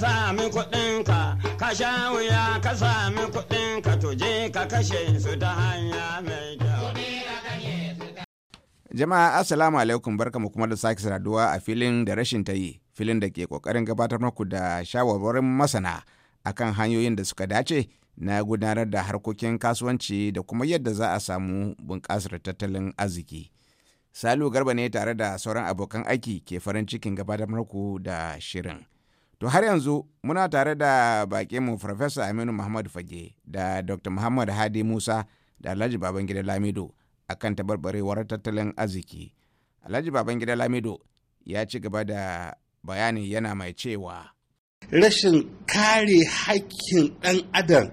sami kuɗinka ka sha wuya ka sami to je ka kashe su ta hanya mai kyau jama'a assalamu alaikum barkamu kuma da sake saduwa a filin da rashin ta yi filin da ke kokarin gabatar muku da shawarwarin masana akan hanyoyin da suka dace na gudanar da harkokin kasuwanci da kuma yadda za a samu bunƙasar tattalin arziki salu garba ne tare da sauran abokan aiki ke farin cikin gabatar muku da shirin To har yanzu muna tare da mu Farfesa Aminu Muhammad Fage da Dr. Muhammad Hadi Musa da Alhaji Babangida Lamido a kan tabarbarewar tattalin arziki. Alhaji Babangida Lamido ya ci gaba da bayani yana mai cewa. Rashin kare haƙƙin ɗan adam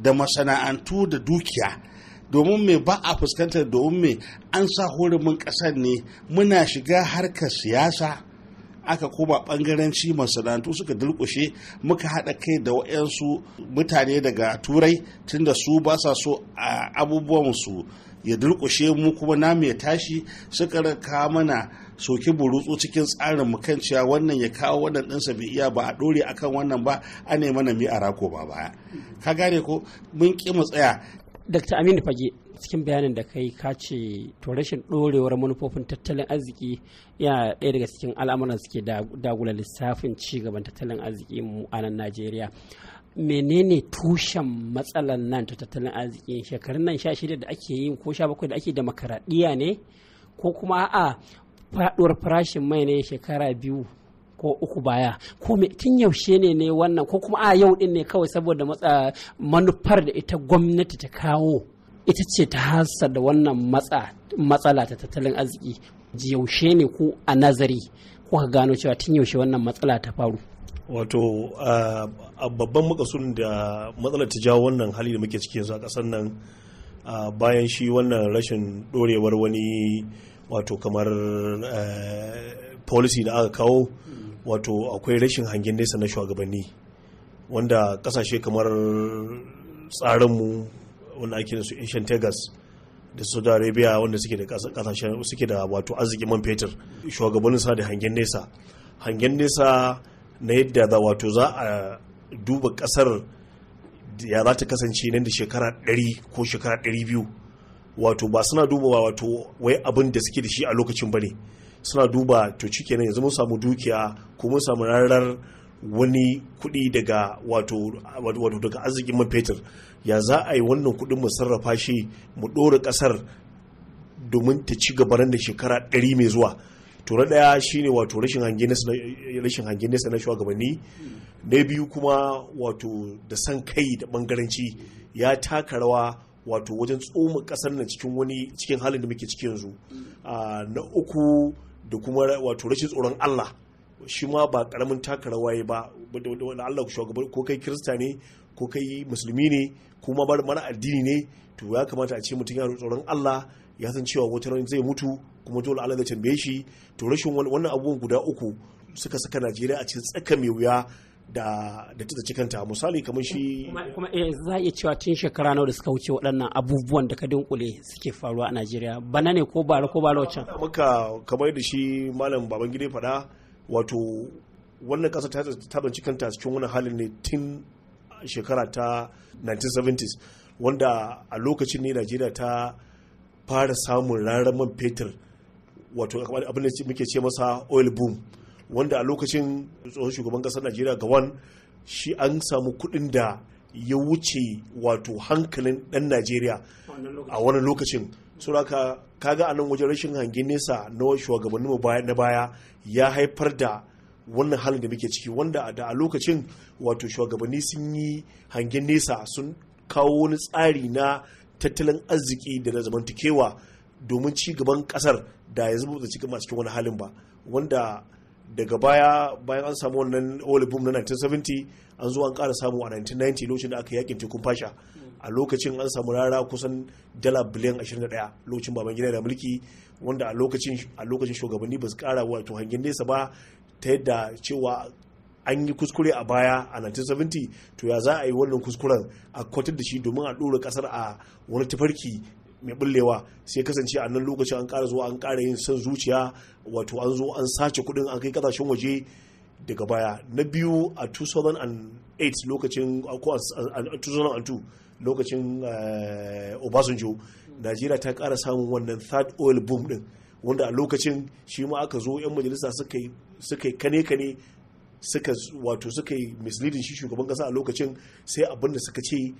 da masana'antu da dukiya domin mai ba a fuskantar domin me an sa hurumin ƙasar ne muna shiga harkar siyasa aka koma bangaranci masana'antu suka dulkushe muka haɗa kai da wayansu mutane daga turai tunda su ba sa so a abubuwansu ya durƙushe mu kuma namu ya tashi suka raka mana soki burutsu cikin tsarin mu kan cewa wannan ya kawo wannan sa bai iya ba a ɗore akan wannan ba a ne mana mi a rako ba baya ka gane ko mun ƙi mu tsaya Dr. Aminu Fage cikin bayanin da kai ka ce to rashin dorewar manufofin tattalin arziki yana ɗaya daga cikin al'amuran suke dagula lissafin ci gaban tattalin arziki mu a nan Najeriya. menene tushen matsalar nan ta tattalin arziki shekarun nan sha shida da ake yin ko sha bakwai da ake demokaradiyya ne ko kuma a'a faɗuwar farashin mai ne shekara biyu ko uku baya ko me tun yaushe ne ne wannan ko kuma a yau din ne kawai saboda manufar da ita gwamnati ta kawo ita ce ta hasa da wannan matsala ta tattalin arziki yaushe ne ko a nazari ko ka gano cewa tun yaushe wannan matsala ta faru wato a babban makasun da matsalar ta jawo wannan hali da muke cikin a kasar nan bayan shi wannan rashin dorewar wani wato kamar eh, policy da aka kawo wato akwai rashin hangen nesa na shugabanni wanda kasashe kamar tsarinmu wanda ake da su asian tegas da saudi arabia wanda suke da kasashen suke da wato arziki man fetur shugabannin sa da hangen nesa hangen nesa na yadda za wato za a duba kasar ya za ta kasance nan da shekara 100 ko shekara 200 wato ba suna duba wato wai abin da suke da shi a lokacin bane suna duba to cike kenan yanzu mun samu dukiya ko mun samu rarar wani kuɗi daga wato daga arzikin man fetur ya za a yi wannan kuɗin mu sarrafa shi mu ɗora ƙasar domin ta ci gaba nan da shekara ɗari mai zuwa to na ɗaya shine wato rashin hangen nesa na shugabanni na biyu kuma wato da san kai da bangaranci ya taka rawa wato wajen tsoma ƙasar na cikin wani cikin halin da muke ciki yanzu ah, na uku da kuma wato rashin tsoron Allah shi ma ba karamin taka rawa ba wanda Allah ku shugaban ko kai kirista ne ko kai musulmi ne kuma bar mana addini ne to ya kamata a ce mutum ya tsoron Allah ya san cewa wata ran zai mutu kuma dole Allah zai tambaye shi to rashin wannan abubuwan guda uku suka saka Najeriya a cikin tsaka mai wuya da da ta misali kamar shi kuma eh za iya cewa tun shekara nawa da suka wuce waɗannan abubuwan da ka dinkule suke faruwa a Najeriya bana ne ko bara ko bara wacan muka kamar da shi malam babangide faɗa wato wannan ƙasa ta ta don cikin wani halin ne tun shekara ta 1970s wanda a lokacin ne Najeriya ta fara samun rarraman man fetur wato abin da muke ce masa oil boom wanda a lokacin tsohon shugaban kasar najeriya gawan shi an samu kuɗin da ya wuce wato hankalin ɗan najeriya a wani lokacin suraka kaga a nan wajen rashin hangen nesa na shugabanninmu na baya ya haifar da wannan halin da muke ciki wanda da a lokacin wato shugabanni sun yi hangen nesa sun kawo wani tsari na tattalin arziki da na zamantakewa domin ci gaban kasar da ya zama da cikin masu cikin wani halin ba wanda daga baya bayan an samu wannan olibum na 1970 an zo an kara samu a 1990 lokacin da aka yakin tekun fasha a lokacin an samu rara kusan dala biliyan 21 lokacin baban gida da mulki wanda a lokacin a lokacin shugabanni ba su kara wato hangen nesa ba ta yadda cewa an yi kuskure a baya a 1970 to ya za a yi wannan kuskuren a kwatar da shi domin a ɗora ƙasar a wani tafarki mai bullewa sai kasance a nan lokacin an ƙara zuwa an kara yin son zuciya wato an zo an sace kuɗin an kai kasashen waje daga baya na biyu a 2008 lokacin ko a 2002 lokacin eh, obasanjo najeriya ta kara samun wannan third oil boom din wanda a lokacin shi ma aka zo 'yan majalisa suka yi kane-kane suka wato suka yi misleading shi shugaban kasa a lokacin sai abinda suka ce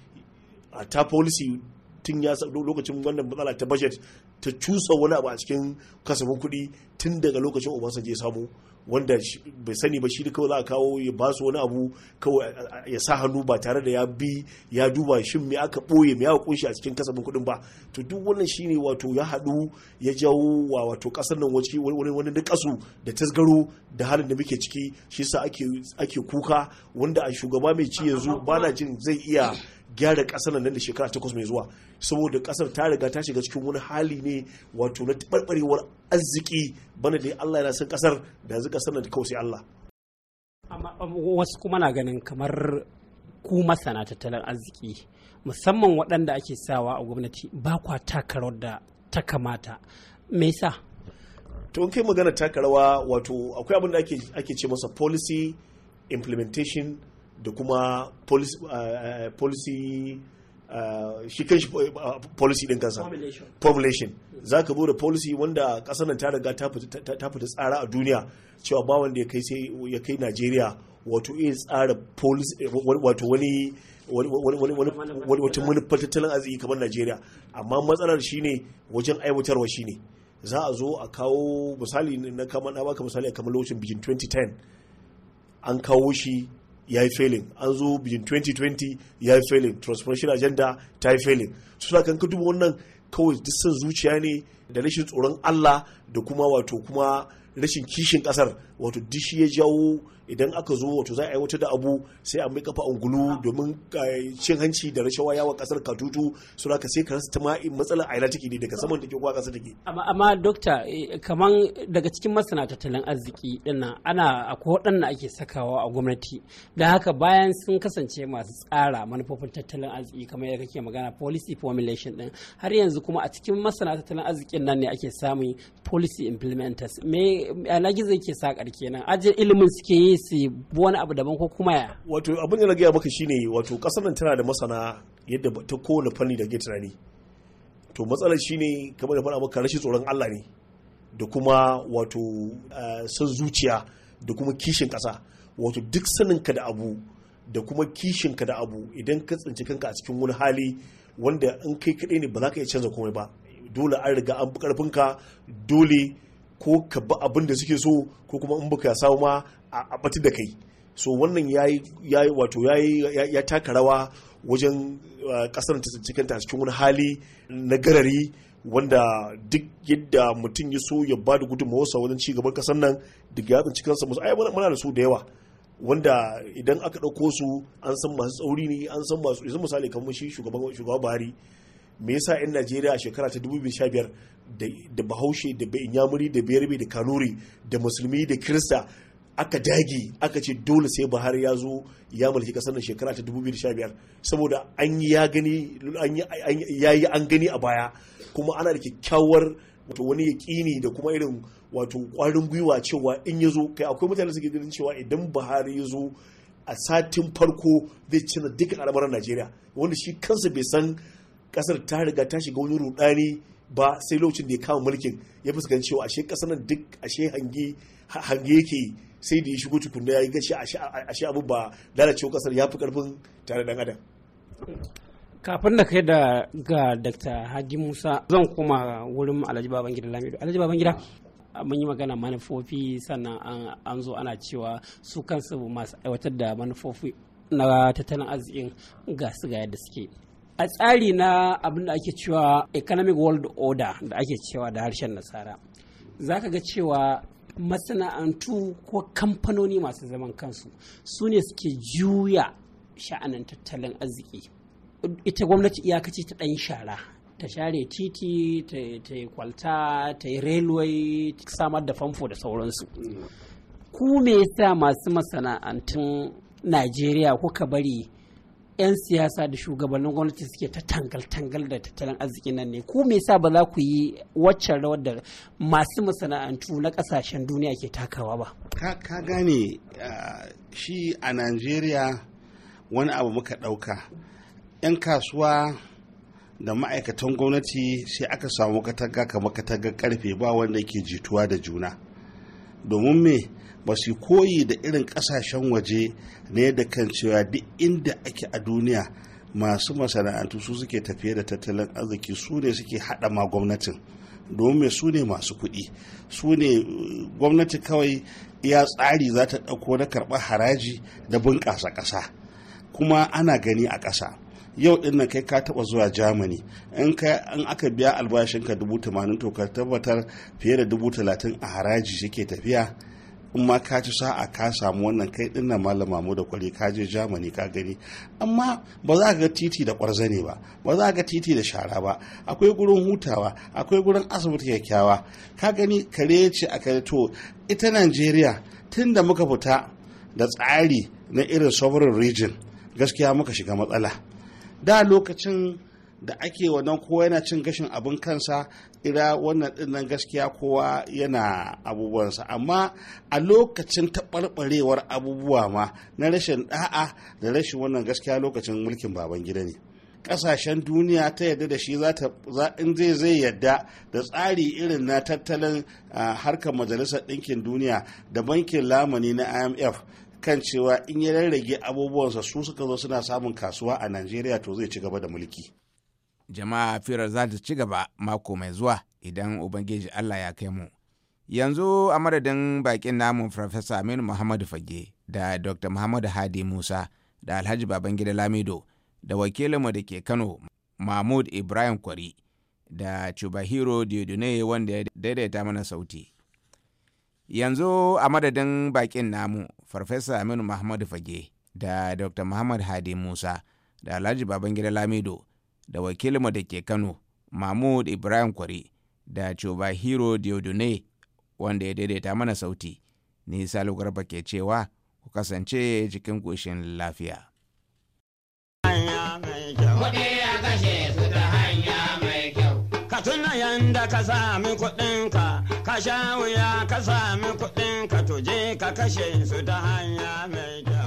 a ta policy tun ya lokacin wannan matsala ta budget ta cusa wani abu a cikin kasafin kuɗi tun daga lokacin obasanjo ya samu wanda bai sani ba shi da kawai za a kawo ya ba su wani abu kawai ya sa hannu ba tare da ya bi ya duba shin me aka ɓoye me aka kunshi a cikin kasafin kuɗin ba to duk wannan shine wato ya haɗu ya jawo wa wato ƙasar nan wani wani nakasu da tasgaro da halin da muke ciki shi sa ake ake kuka wanda a shugaba mai ci yanzu bana jin zai iya gyara kasar nan da shekara takwas mai zuwa saboda kasar ta riga ta shiga cikin wani hali ne wato na tabarbarewar arziki bana da Allah yana son kasar da yanzu kasar nan kawai sai Allah amma um, wasu kuma na ganin kamar ku masana tattalin arziki musamman waɗanda ake sawa a gwamnati ba kwa takarar da ta kamata me yasa to kai magana taka wato akwai abin da ake ce masa policy implementation da kuma policy, uh, uh, policy uh, shi kan shi policy din kansa formulation, za ka bude policy wanda kasar nan ta riga ta fita tsara a duniya cewa ba wanda ya kai najeriya wato iya tsara policy eh, wato wani wata manufar tattalin arziki kamar najeriya amma matsalar shine wajen aiwatarwa shine za a zo a kawo misali na kama na baka misali a kamar lokacin bijin 2010 an kawo shi ya yi failing an zo bijin 2020 ya yi failing transformation agenda ta yi failing su kan duba wannan kawai duk son zuciya ne da rashin tsoron allah da kuma wato kuma rashin kishin kasar wato dishi ya jawo idan aka zo wato za a yi wata da abu sai a mai kafa angulu domin eh, cin hanci da rashawa yawon kasar katutu su ka sai ka rasa ta ma'in matsalar a take ne daga saman take kuwa kasa take amma dokta eh, kaman daga cikin masana tattalin arziki dinnan ana akwai waɗanda ake sakawa a gwamnati da haka bayan sun kasance masu tsara manufofin tattalin arziki kamar yadda kake magana policy formulation din har yanzu kuma a cikin masana tattalin arzikin nan ne ake samun policy implementers me alagizai gizo yake kenan ajin ilimin suke yi su wani abu daban ko kuma ya wato abin da na gaya maka shine wato kasar nan tana da masana yadda ta kowane fanni da ke tunani to matsalar shine kamar da faɗa maka rashin tsoron Allah ne da kuma wato eh, sun zuciya da kuma kishin ƙasa wato duk ka da abu da kuma kishin ka da abu idan ka tsinci kanka a cikin wani hali wanda in kai kaɗai ne ba za ka iya canza komai ba dole an riga an fi ƙarfinka dole ko ka bi abin da suke so ko kuma in baka samu ma a batu da kai so wannan ya yi wato ya taka rawa wajen kasar ta cikin ta cikin wani hali na garari wanda duk yadda mutum ya so ya ba da gudunmawarsa wajen ci gaban kasar nan duk ya tsinci kansa musu ai muna da su da yawa wanda idan aka ɗauko su an san masu tsauri ne an san masu yanzu misali kamar shi shugaban shugaban Buhari me yasa yan Najeriya a shekara ta 2015 da bahaushe da inyamuri da bayarbe da kanuri da musulmi da kirista aka dage aka ce dole sai buhari ya zo ya mulki kasar nan shekara ta 2015 saboda an yi ya gani ya yi an gani a baya kuma ana da kyakkyawar wato wani yaƙini da kuma irin wato ƙwarin gwiwa cewa in ya zo kai akwai mutane suke ganin cewa idan buhari ya zo a satin farko zai cina dukkan al'amuran najeriya wanda shi kansa bai san kasar ta riga ta shiga wani rudani ba sai lokacin da ya kama mulkin ya fuskanci cewa ashe kasar nan duk ashe hange hange yake sai da ya shigo tukunna ya yi gashi ashe abu ba lalacewa kasar ya fi karfin tare dan adam kafin da kai da ga dr haji musa zan koma wurin alhaji babangida lamido alhaji babangida mun yi magana manufofi sannan an zo ana cewa su kansu masu aiwatar da manufofi na tattalin arzikin ga su ga yadda suke a tsari na abin da ake cewa economic world order da ake cewa da harshen nasara za ka ga cewa masana'antu ko kamfanoni masu zaman kansu su ne suke juya sha'anin tattalin arziki ita gwamnati iyakaci ta ɗan shara ta share titi ta yi kwalta ta yi railway ta samar da famfo da sauransu ku me yasa masu masana'antun najeriya kuka bari 'yan siyasa da shugabannin gwamnati suke ta tangal-tangal da tattalin arzikin nan ne ku me yasa ba za ku yi waccan rawar da masu masana'antu na kasashen duniya ke takawa ba ka gane ah, shi a najeriya wani abu muka ɗauka 'yan kasuwa da ma'aikatan gwamnati sai aka samu katanga kamar katangar karfe ba wanda ke jituwa da juna domin me ba su koyi da irin kasashen waje ne da kan cewa duk inda ake a duniya masu masana'antu su suke tafiye da tattalin arziki su ne suke haɗa ma gwamnatin domin su ne masu kuɗi su ne gwamnati kawai ya tsari za ta ɗauko na karɓar haraji da bunƙasa ƙasa kuma ana gani a ƙasa yau din nan kai ka taba zuwa germany in aka biya albashin ka dubu tamanin to ka tabbatar fiye da dubu talatin a haraji shike tafiya in ma ka ci sa'a ka samu wannan kai din nan malama mu da kwari ka je Germany ka gani amma ba za ka ga titi da ne ba ba za ka ga titi da shara ba akwai gurin hutawa akwai gurin asibiti kyakkyawa ka gani kare ce a kare to ita Najeriya tun da muka fita da tsari na irin sovereign region gaskiya muka shiga matsala da lokacin da ake wannan kowa yana cin gashin abin kansa ira wannan dinnan gaskiya kowa yana abubuwansa amma a lokacin taɓarɓarewar abubuwa ma na rashin da'a da rashin wannan gaskiya lokacin mulkin baban gida ne ƙasashen duniya ta yadda da shi in zai zai yadda da tsari irin na tattalin ah, harkar majalisar ɗinkin duniya da bankin lamani na imf kan cewa in ya rarrage abubuwansa su suka zo suna samun kasuwa a najeriya to zai ci gaba da mulki jama'a firar za ta ci gaba mako mai zuwa idan ubangiji allah ya kai mu yanzu a madadin bakin namu farfesa aminu muhammadu fage da dr muhammadu hadi musa da alhaji babangida lamido da wakilinmu da ke kano mahmud ibrahim kwari da chubahiro diodune wanda ya daidaita mana sauti yanzu a madadin bakin namu farfesa aminu mahmad fage da dr muhammad hadi musa da alhaji babangida lamido da wakilinmu da ke kano mahmud ibrahim kwari da coba hero diodune wanda ya daidaita mana sauti ni salo garba ke cewa ku kasance cikin koshin lafiya. inda ka sami kuɗinka, ka sha wuya ka sami kuɗinka tuje ka kashe su ta hanya mai kyau.